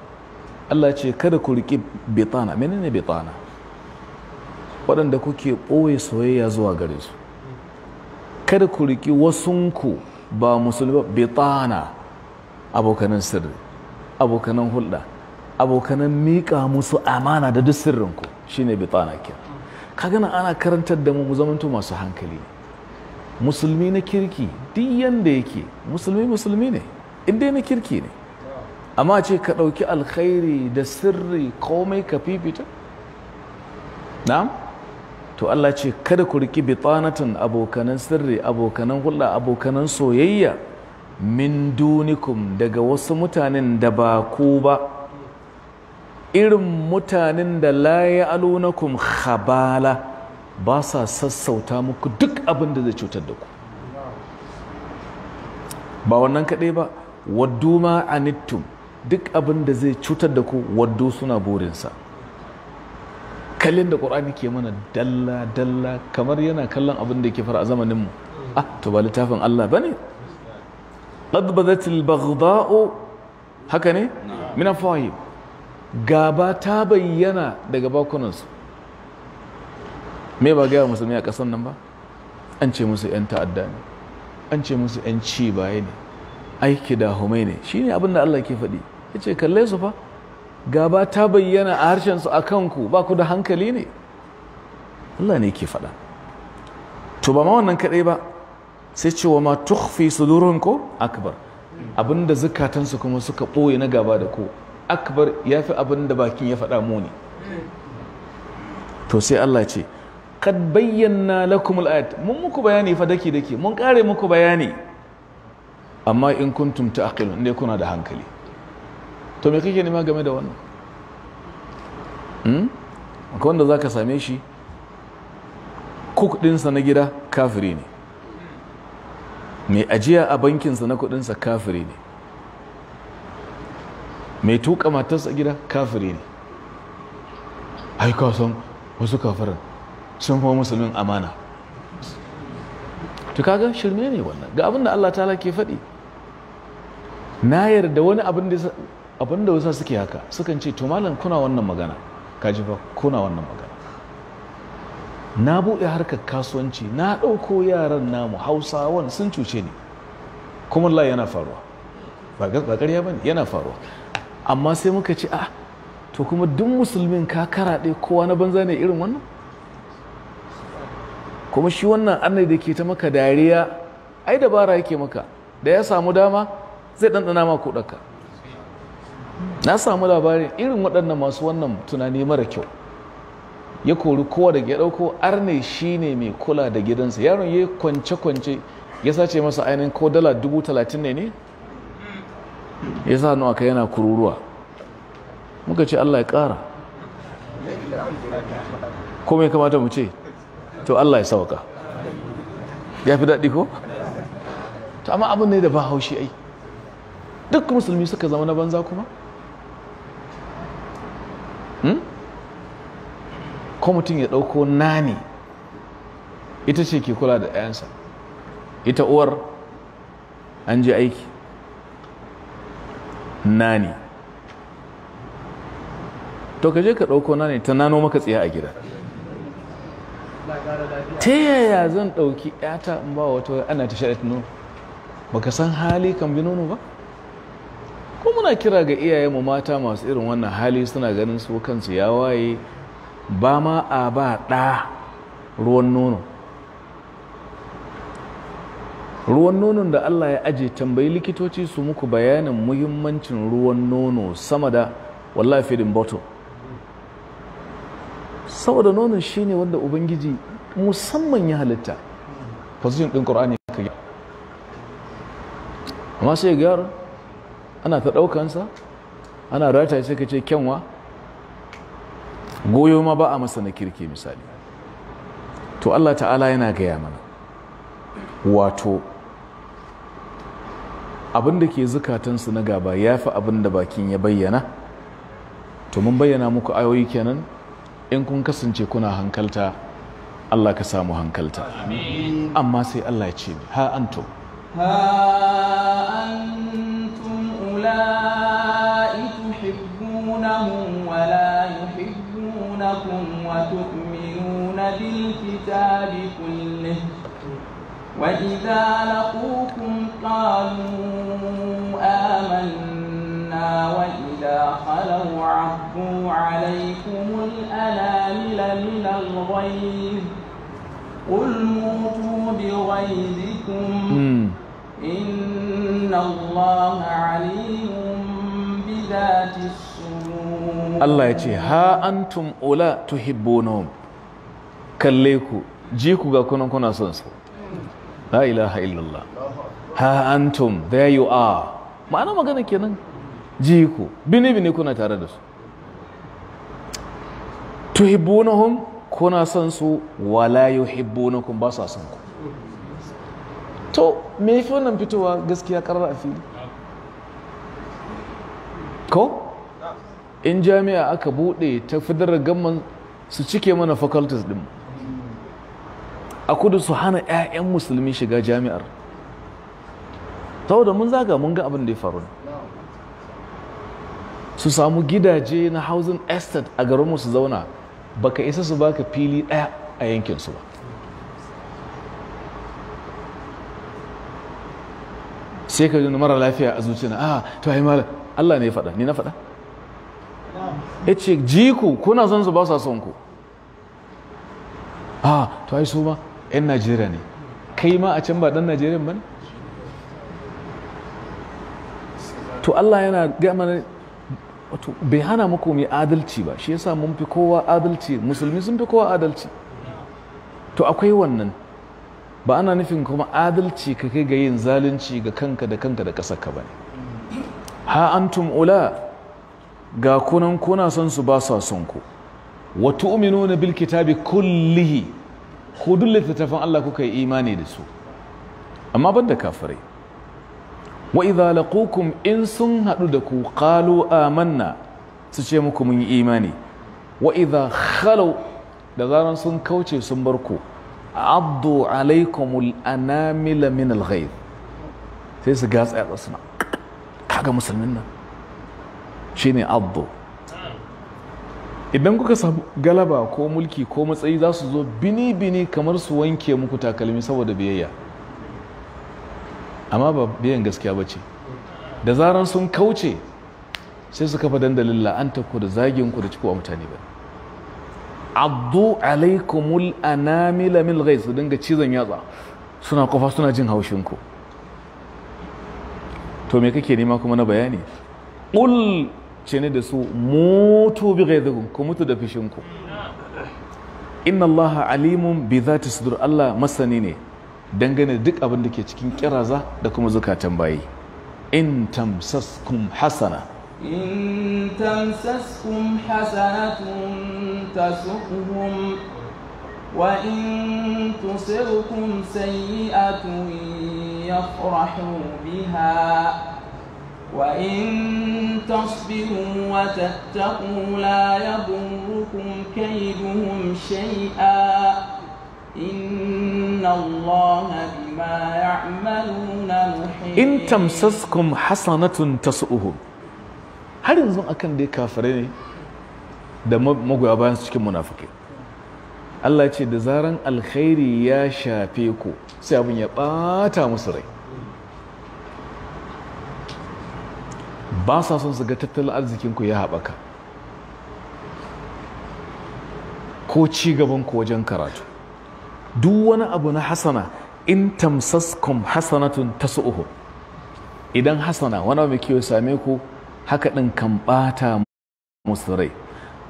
Allah ce kada ku riƙi bitana menene bitana waɗanda kuke ɓoye soyayya zuwa gare su kada ku riƙi wasunku ba musulmi bitana abokanan sirri abokanan hulɗa abokanan miƙa musu amana da duk sirrinku shine bitana ke Ka gana ana karantar da mu mu zamanto masu hankali musulmi na kirki duk yanda yake musulmi musulmi ne inda na kirki ne amma ce ka ɗauki alkhairi da sirri komai ka fifita na'am to Allah ce kada ku riki bitanatan abokanan sirri abokanan hulɗa abokanan soyayya min dunikum daga wasu mutanen da ba ku ba irin mutanen da la alunakum khabala ba sa sassauta muku duk abin da zai cutar da ku ba wannan kaɗai ba waddu ma anittum duk abin da zai cutar da ku waddu suna burinsa kallon da ƙur'ani ke mana dalla dalla kamar yana kallon abin da ke fara a zamaninmu A ah, to ba littafin Allah ba ne ƙadbazatil bagdao haka ne mina afwahim gaba ta bayyana daga bakunansu me ba gaya musulmi a ƙasar nan ba an ce musu 'yan ta'adda ne an ce musu 'yan ci baye ne aiki da hume ne shine abin da Allah ke faɗi ya ce kalle su fa gaba ta bayyana a harshensu a kanku ba ku da hankali ne Allah ne ke faɗa to ba ma wannan kaɗai ba sai cewa ma su sudurun ko akbar abinda zukatansu kuma suka ɓoye na gaba da ku akbar ya fi abinda bakin ya faɗa muni to sai Allah ce kad bayyana lakum al'ayat mun muku bayani fa dake-dake, mun kare muku bayani amma in kuntum ta'qilun inda kuna da hankali to me kake nema game da wannan hmm? akwai wanda za ka same shi kuk na gida kafiri ne mai ajiya a bankinsa na kudinsa kafiri ne mai tuka matarsa gida kafiri ne aika son wasu kafirin sun fi musulmin amana to kaga shirme ne wannan ga abin da Allah ta ke faɗi na yarda wani abin da abin da wasa suke haka sukan ce to malam kuna wannan magana kaji fa kuna wannan magana na buɗe harkar kasuwanci na ɗauko yaran namu hausawan sun cuce ni kuma Allah yana faruwa ba ƙarya ba ne yana faruwa amma sai muka ce a ah, to kuma duk musulmin ka karaɗe kowa na banza ne irin wannan kuma shi wannan annai da ke ta maka dariya ai dabara yake maka da ya samu dama zai ɗanɗana ma kuɗaka na samu labarin irin waɗannan masu wannan tunani mara kyau ya kori kowa da ya ɗauko arne shi ne mai kula da gidansa yaron ya kwance-kwance ya sace masa ainihin ko dala dubu talatin ne ne ya sa nuwa ka yana kururuwa muka ce allah ya ƙara ko kamata mu ce to allah ya sauka ya fi daɗi ko? to amma abin ne da ba haushi ai duk musulmi suka zama na banza kuma? Hmm? ko mutum ya ɗauko nani ita ce ke kula da 'ya'yansa ita uwar an ji aiki nani to ka je ka ɗauko nani ta nano maka tsaye a gida ta yaya zan ɗauki 'yata in ba wata ana ta shaɗa nono baka san hali kan bi nono ba muna kira ga iyayenmu mata masu irin wannan hali suna ganin su kansu ya waye ba ma a ba ɗa ruwan nono ruwan nonon da allah ya aje tambayi likitoci su muku bayanin muhimmancin ruwan nono sama da wallahi feeding bottle saboda nonon shine wanda ubangiji musamman ya halitta position din ƙorani ka amma sai gyara ana ta ɗaukansa ana rata sai ka ce kyanwa goyo ma ba a masa na kirki misali to Allah ta'ala yana gaya mana wato abinda ke zukatansu na gaba ya fi da bakin ya bayyana to mun bayyana muku ayoyi kenan in kun kasance kuna hankalta Allah ka samu hankalta amma sai Allah ya ce ha antum هؤلاء تحبونهم ولا يحبونكم وتؤمنون بالكتاب كله وإذا لقوكم قالوا آمنا وإذا خلوا عفوا عليكم الأنامل من الغيظ قل موتوا بغيظكم إن إن الله عليم بذات الصدور الله يتي ها illallah. Ha an there you are ma'ana magana kenan ku, bini-bini kuna tare da su tuhibbunahum kuna son su wala yuhibbunakum ba sa son ku to me yafi wannan fitowa gaskiya karar a fili ko in jami'a aka bude ta fidar gamman su cike mana faculties din a kudu su hana 'ya'yan musulmi shiga jami'ar saboda mun zaga mun ga abin da ya faru su samu gidaje na housing estate a garinmu su zauna baka isa su baka fili daya a yankin su ba sai ka jini mara lafiya a zuciya a ah, to ai malam Allah ne ya faɗa ni na faɗa ya ce jiku kuna son su ba su son ku a ah, to ai su ma 'yan najeriya ne kai ma a can ba ɗan najeriya ba ne to Allah yana gama mana wato bai hana muku mai adalci ba shi yasa mun fi kowa adalci musulmi sun fi kowa adalci to akwai wannan ba ana nufin kuma adalci ka kai ga yin zalunci ga kanka da kanka da ƙasar ka ne. ha antum ula ga kunan kuna son su ba sa son ku wa tu'minuna bil kitabi kullihi ku duk littattafan Allah kuka yi imani da su amma ban da kafirai wa idza laqukum in sun haɗu da ku qalu amanna su ce muku mun yi imani wa idza khalu da zaran sun kauce sun bar ku abdu alaikumul anamila min alghayb sai su ga tsaya suna kaga musulmin nan shine abdu idan kuka samu galaba ko mulki ko matsayi za su zo bini-bini kamar su wanke muku takalmi saboda biyayya amma ba biyan gaskiya ba ce da zaran sun kauce sai su kafa dandalin la'anta ku da zagin ku da ciko a mutane ba addu alaikumul anamila mil ghaiz su dinga cizon yatsa suna kofa suna jin haushin ku to me kake nema kuma na bayani qul ce da su mutu bi ghaizikum ku mutu da fishin ku inna allaha alimun bi zati sudur allah masani ne dangane duk abin da ke cikin kiraza da kuma zukatan bayi in tamsaskum hasana إن تمسسكم حسنة تسؤهم وإن تصبكم سيئة يفرحوا بها وإن تصبروا وتتقوا لا يضركم كيدهم شيئا إن الله بما يعملون محيط إن تمسسكم حسنة تسؤهم har yanzu akan dai kafirai ne da magoya bayan su cikin munafuki. Allah ce da zaran alkhairi ya shafe ku sai abin ya bata musu rai ba sa son su ga tattalin arzikinku ya haɓaka ko ci gaban ku wajen karatu duk wani abu na hasana in tamsaskum hasanatun tasu'uhu idan hasana wani abu mai kiyo same ku haka ɗin kan ɓata musu rai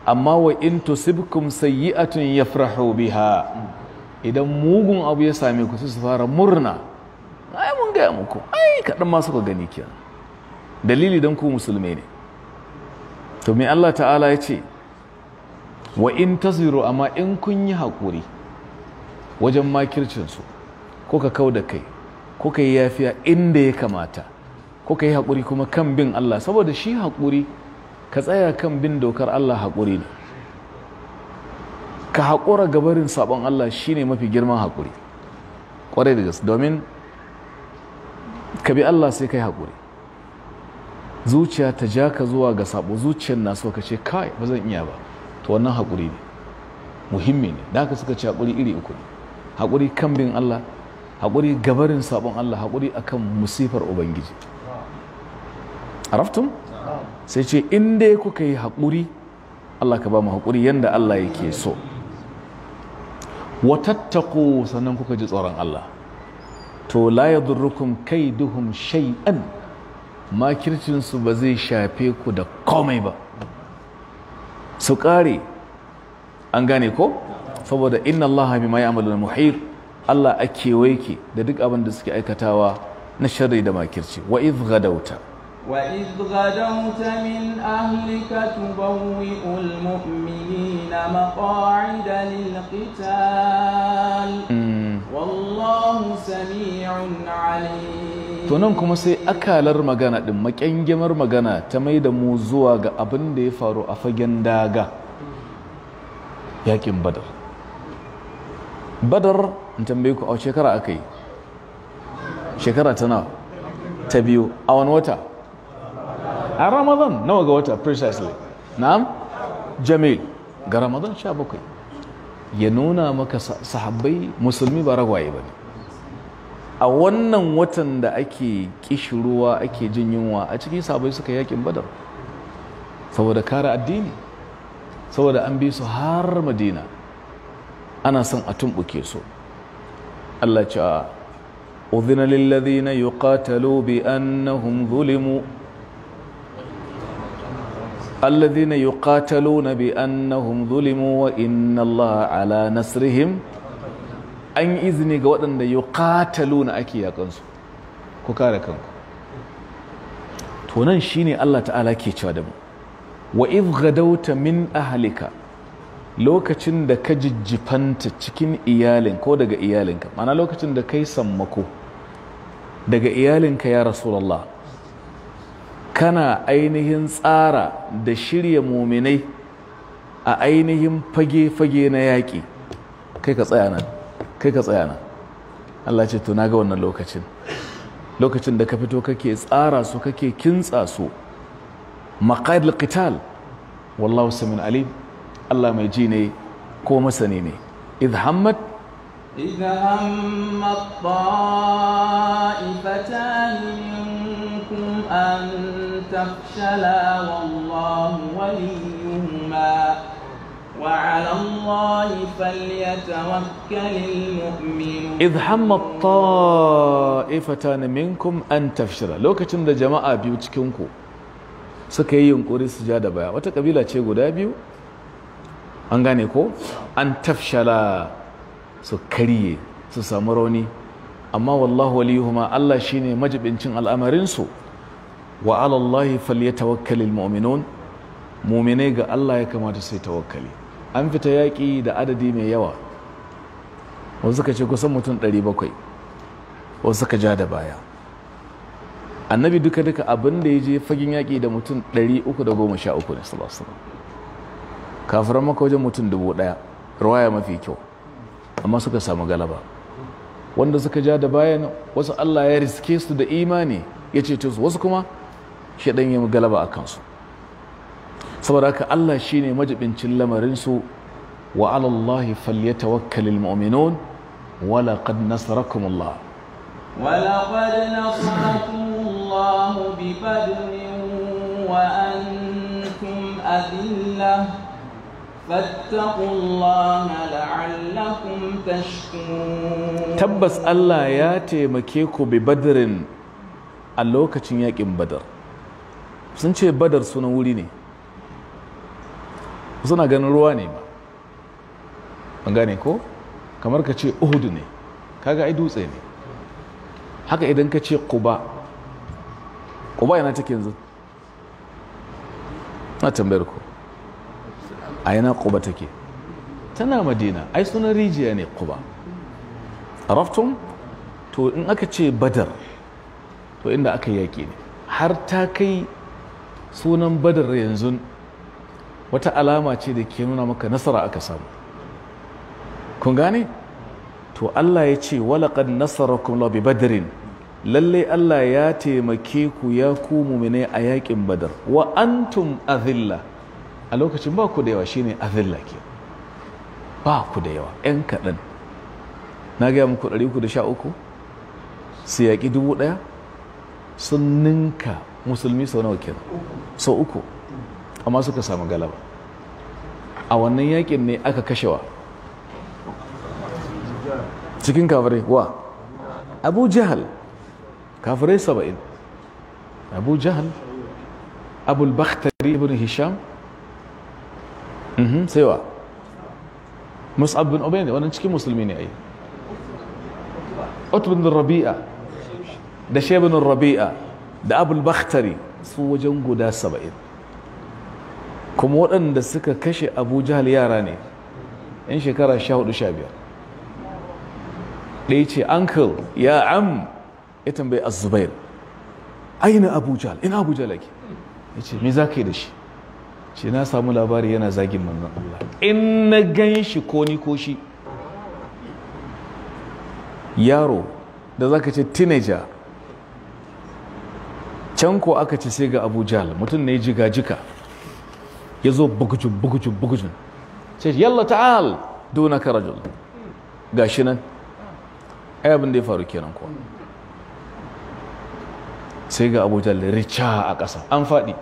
amma wa in tusibkum sayyi'atun yafrahu biha idan mugun abu ya same ku su fara murna ai mun gaya muku ai kaɗan ma suka gani kenan dalili don ku musulmai ne to me Allah ta'ala ya ce wa in amma in kun yi haƙuri wajen makircinsu ko ka kau da kai ko ka yi yafiya inda ya kamata ko ka yi haƙuri kuma kan bin Allah saboda shi haƙuri ka tsaya kan bin dokar Allah haƙuri ne ka haƙura gabarin sabon Allah shine mafi girman haƙuri ƙwarai da gaske domin ka bi Allah sai ka yi haƙuri zuciya ta ja ka zuwa ga sabo zuciyar na so ka ce kai ba zan iya ba to wannan haƙuri ne muhimmi ne da aka suka ce haƙuri iri uku ne haƙuri kan bin Allah haƙuri gabarin sabon Allah haƙuri akan musifar ubangiji araftum sai ce in dai kuka yi haƙuri Allah ka ba mu haƙuri yadda Allah yake so watattako sannan kuka ji tsoron Allah to la kai duhun shay'an makircinsu ba zai shafe ku da komai ba su ƙare an gane ko saboda inna Allah bima ya'maluna muhir Allah a da duk abin da suke aikatawa na sharri da makirci wa da wuta وإذ غدوت من أهلك تبوئ المؤمنين مقاعد للقتال والله سميع عليم to nan kuma sai akalar magana din makyangyamar magana ta mai da mu zuwa ga abin da ya faru a fagen daga yakin badar badar in tambaye ku a shekara aka shekara ta ta biyu a wani wata a ramadan nawa ga wata precisely na'am jamil ga ramadan sha ya nuna maka sahabbai musulmi ba ragwaye ba ne a wannan watan da ake kishirwa ake jin yunwa a cikin sahabbai suka yakin badar saboda kare addini saboda an bi su har madina ana son a tumbuke su allah ce a udhina lillazina yuqatalu bi annahum zulimu الذين يقاتلون بأنهم ظلموا وإن الله على an izini ga waɗanda ya ƙatalo na ake yaƙansu ku kare kanku To nan shine Allah ta'ala ke cewa da mu wa gadauta min ahlika lokacin da ka jijjifanta cikin iyalin ko daga iyalinka mana lokacin da kai sammako daga iyalinka ya rasulallah kana ainihin tsara da shirya muminai a ainihin fage-fage na yaƙi kai ka tsaya nan kai ka tsaya nan Allah ce to naga wannan lokacin lokacin da ka fito kake tsara su kake kintsa su maqaid al-qital wallahu samin alim Allah mai ji ne ko masani ne idh hammat idh hammat ta'ifatan منكم أن تفشلا والله وليهما وعلى الله فليتوكل المؤمنون إذ هم الطائفتان منكم أن تفشلا لو كتم جماعة بيوتكمكم suka yi yunkuri su ja da baya wata kabila ce guda biyu an gane ko an tafshara su karye su samu rauni amma wallahu waliyuhuma Allah shine majibincin al'amarinsu wa ala ya falyatawakkal almu'minun mu'minai ga Allah ya kamata sai tawakkali an fita yaƙi da adadi mai yawa wasu suka ce kusan mutum 700 wasu suka ja da baya annabi duka duka abin da ya je fagen yaƙi da mutum 313 ne sallallahu kafiran maka wajen mutum 1000 ruwaya mafi kyau amma suka samu galaba wanda suka ja da bayan wasu Allah ya riske su da imani ya ce su wasu kuma yi ya galaba a kansu saboda haka Allah shi ne majibincin lamarinsu wa ala Allah falyatawakkalul mu'minun wa laqad nasarakum Allah wa laqad nasarakum Allah bi badrin wa antum adillah فاتقوا الله لعلكم تشكرون تبس الله يا تيمكيكو ببدر اللوكة ياكم sun ce badar sunan wuri ne suna ganin ruwa ne ba an gane ko kamar ka ce uhudu ne kaga ai dutse ne haka idan ka ce kuba kuba yana take yanzu na tambayar ku a yana kuba take tana madina ai sunan rijiya ne kuba raftun to in aka ce badar to inda aka yaƙi ne har ta kai sunan badar yanzu wata alama ce da ke nuna maka nasara aka samu kun gane to Allah ya ce walaƙan nasarar la bi badrin lallai Allah ya taimake ku ya ku mumine a yakin badar wa antum azilla a lokacin ba ku da yawa shine azilla ke ba ku da yawa yan kaɗan na gaya muku 313 su yaƙi dubu ɗaya sun ninka musulmi sau nawa kenan sau uku amma suka samu galaba a wannan yakin ne aka kashewa cikin kafirai wa abu jahal kafirai saba'in abu jahal abul bakhtari ibn hisham mhm, sai wa mus'ab bin ubay ne wannan cikin musulmi ne ai utbun rabi'a da shaybun rabi'a da abul bakhtari su wajen guda saba'in kuma waɗanda suka kashe abu jihar yara ne yan shekara sha hudu sha biyar ɗaya ce uncle ya am ya tambaye azubair aina abu jihar ina abu jihar ake ya ce me za ka yi da shi ce na samu labari yana zagin manzan Allah in na gan shi ko ni ko shi yaro da za ka ce teenager can ko aka ci sai ga abu jahal mutum ne jika jika ya zo bugujin bugujin bugujin sai yalla ta'al duna ka Ga shi nan abin ya faru kenan kuwa sai ga abu jahal rica a ƙasa an faɗi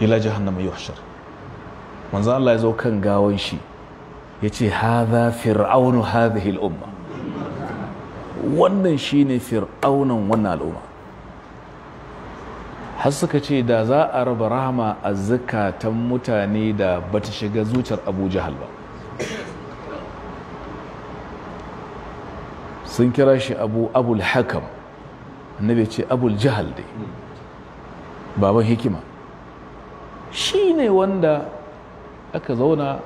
ila jahannama Allah ya zo kan gawon shi ce haza fir'aunu hadhihi al wannan shine fir'aunan wannan al'umma har suka ce da za a raba rahama a zukatan mutane da bata shiga zuciyar abu jihal ba sun kira shi abu abul hakam annabi ce abul jihal dai baban hikima shi ne wanda aka zauna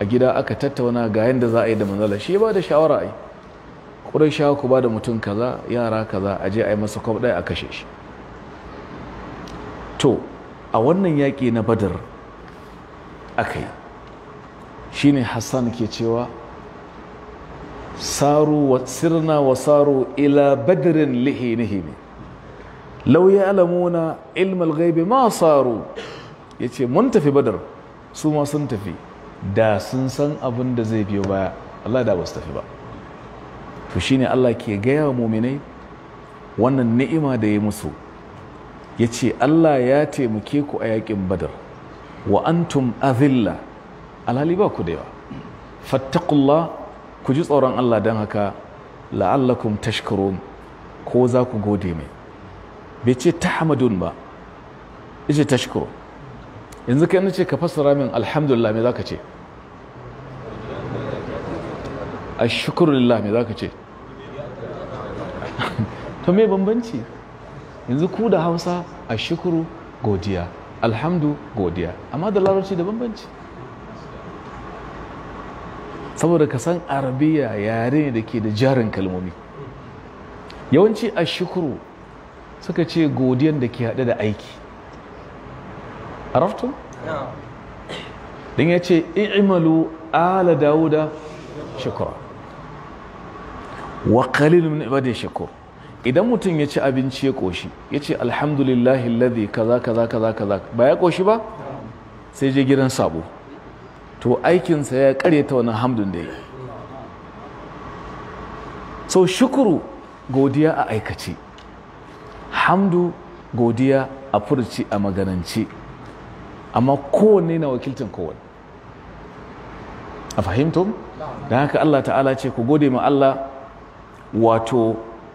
a gida aka tattauna ga yadda za a yi da manzala shi ba da shawara ai ƙurai shawa ku ba da mutum kaza yara kaza a je a yi masa kwab a kashe shi to a wannan yaƙi na badar aka yi shi ne hassan ke cewa saru wa, sirna wa saru ila badirin lihinihi ne lauya alamuna ilmal gaibe ma saru ya ce mun tafi badar su ma sun tafi da sun san abin da zai biyo baya Allah da ba tafi ba to shi ne Allah ke gaya wa muminai wannan ni'ima da ya musu ya ce Allah ya taimake ku a yaƙin badar wa antum azilla alhali ba ku da yawa fattakullah ku ji tsoron Allah don haka la'allakum tashkurun ko za ku gode mai bai ce Hamadun ba ce tashkuru yanzu kai ce ka fasa min alhamdulillah me ka ce ashkuru mai za ka ce to me bambanci yanzu ku da hausa a shukuru godiya alhamdu godiya amma da larabci da bambanci saboda ka san arabiya yare ne da ke da jarin kalmomi yawanci a shukuru suka ce godiyan da ke haɗe da aiki araftun? don ya ce i'malu ala dawuda shukura wa min ibadin shukuru idan mutum ya ci abinci ya koshi ya ce alhamdulillahi ladhi kaza kaza kaza kaza ba ya koshi ba sai je gidan sabo to aikinsa ya ta wani hamdun da ya so shukuru godiya a aikace hamdu godiya a furci a maganance amma kowanne na wakiltan kowanne a fahimtum don haka Allah ta'ala ce ku gode ma Allah wato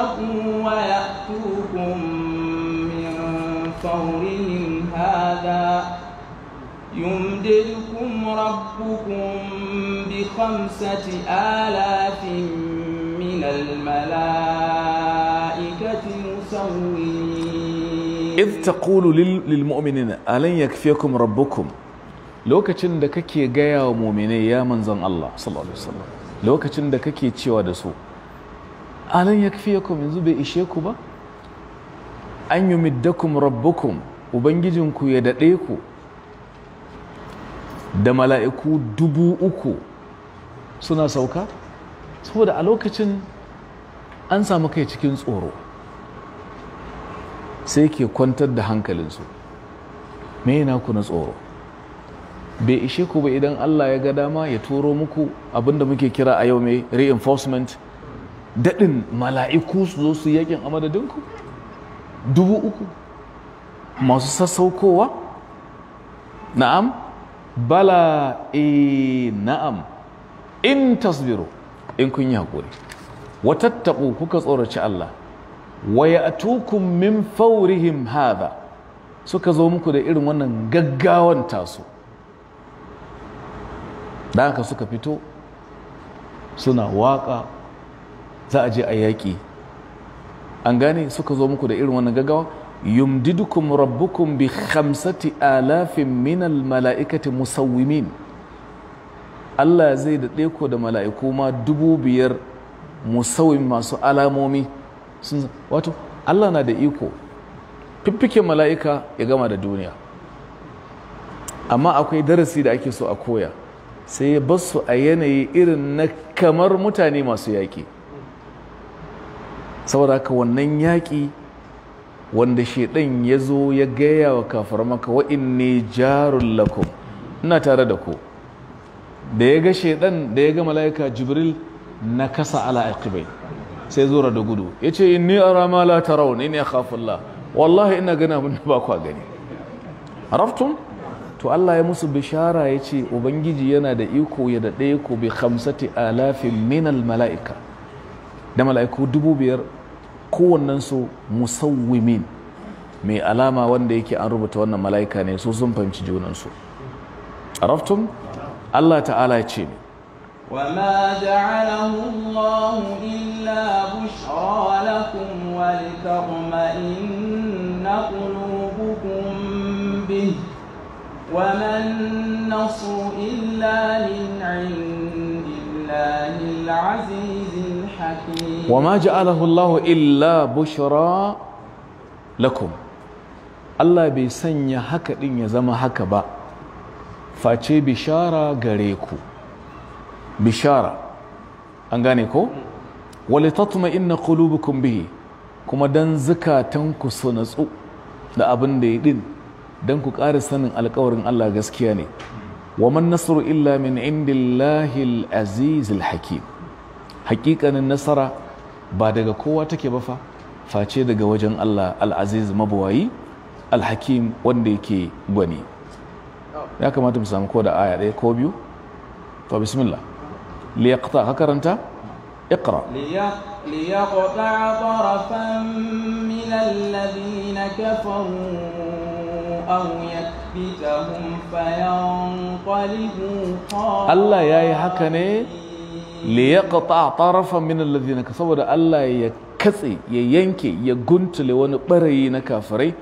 فتقوا ويأتوكم من فورهم هذا يمددكم ربكم بخمسة آلاف من الملائكة مسومين إذ تقول للمؤمنين ألن يكفيكم ربكم lokacin da kake gaya wa mominai ya manzan Allah lokacin da kake cewa da su alan kuma yanzu bai ishe ku ba an yumiddakum rabbukum ubangijinku ya daɗe ku da mala'iku dubu uku suna sauka saboda a lokacin an samu kai cikin tsoro sai ke kwantar da hankalinsu me yana ku na tsoro bai ishe ku ba idan allah ya ga dama ya turo muku abinda muke kira a yau mai reinforcement daɗin mala'iku su zo su yakin a madadinku dubu uku masu sassaukowa na'am bala e na'am in tasbiru in kun yi haƙuri watattaku kuka tsoraci Allah waya atukun min faurihim hada suka zo muku da irin wannan gaggawan taso da haka suka fito suna waƙa za a je a yaƙi an gane suka zo muku da irin wannan gaggawa yumdidukum rabbukum bi khamsati alafin minal mala'ikati musawwimin Allah zai daɗe ko da mala'iku ma dubu biyar musawwim masu alamomi wato Allah na da iko fiffike mala'ika ya gama da duniya amma akwai darasi da ake so a koya sai ya basu a yanayi irin na kamar mutane masu yaƙi saboda haka wannan yaƙi wanda shaidan ya zo ya gaya wa kafar maka wa'in ne jarun lakum ina tare da ku da ya ga shaidan da ya ga mala'ika jibril na kasa ala aqibai sai zura da gudu ya ce inni ara ma la tarawun inni akhafullah wallahi ina gana abin da ba gani araftum to Allah ya musu bishara ya ce ubangiji yana da iko ya daɗe ɗaya bi khamsati alafin minal mala'ika da mala'iku dubu biyar su musawwimin mai alama wanda yake an rubuta wannan mala'ika ne su sun fahimci junansu a allah ta'ala ya ce wama ja'alahu illa bushra lakum wa litaghma'inna qulubukum bih wa man nasru illa min 'indillahi al-'azizil حكيم وما جعله الله إلا بشرى لكم الله بيسن هكا إن يزم هكا با فاتي بشارة غريكو بشارة أنغانيكو ولتطمئن قلوبكم به kuma dan zukatanku su natsu da abin da ya din don ku ƙara sanin alkawarin Allah gaskiya ne wa man nasru illa min Indillahil al hakim hakikanin nasara ba daga kowa take ba fa face daga wajen Allah al'aziz mabuwayi alhakim wanda yake gwani ya kamata mu samu ko da aya ɗaya ko biyu to bismillah liyaqta ka karanta اقرا ليقطع ya من الذين كفروا او يكبتهم فينقلبوا الله يا haka ne liyaqata tarafa min alladhina ka saboda Allah ya katse ya yanke ya guntule wani barayi na kafirai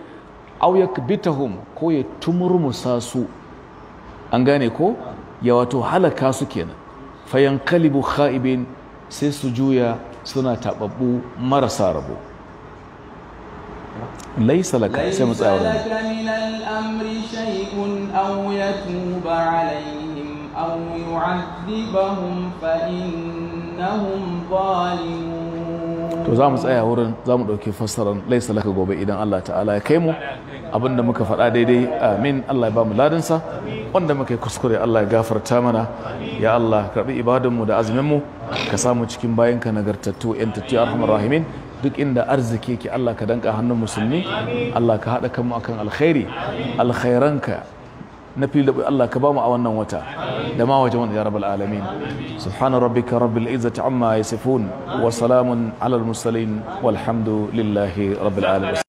aw yakbitahum ko ya tumurmusa su an gane ko ya wato halaka su kenan kalibu kha'ibin sai su juya suna tababbu marasa rabo ليس لك ليس لك من الأمر شيء أو يتوب أو يعذبهم فإنهم ظالمون to za mu tsaya wurin za mu ɗauki fassarar laisa laka gobe idan Allah ta'ala ya kai mu abinda muka faɗa daidai amin Allah ya ba mu ladinsa wanda muka yi kuskure Allah ya gafarta mana ya Allah karɓi ibadunmu da azuminmu ka samu cikin bayanka nagartattu yan tattu arhamar rahimin duk inda arziki ke Allah ka danka hannun musulmi Allah ka haɗa kanmu akan alkhairi alkhairanka na fili da Allah ka bamu a wannan wata da ma waje wanda ya rabbal alamin subhana rabbika rabbil izzati amma yasifun wa salamun alal mursalin walhamdulillahi rabbil alamin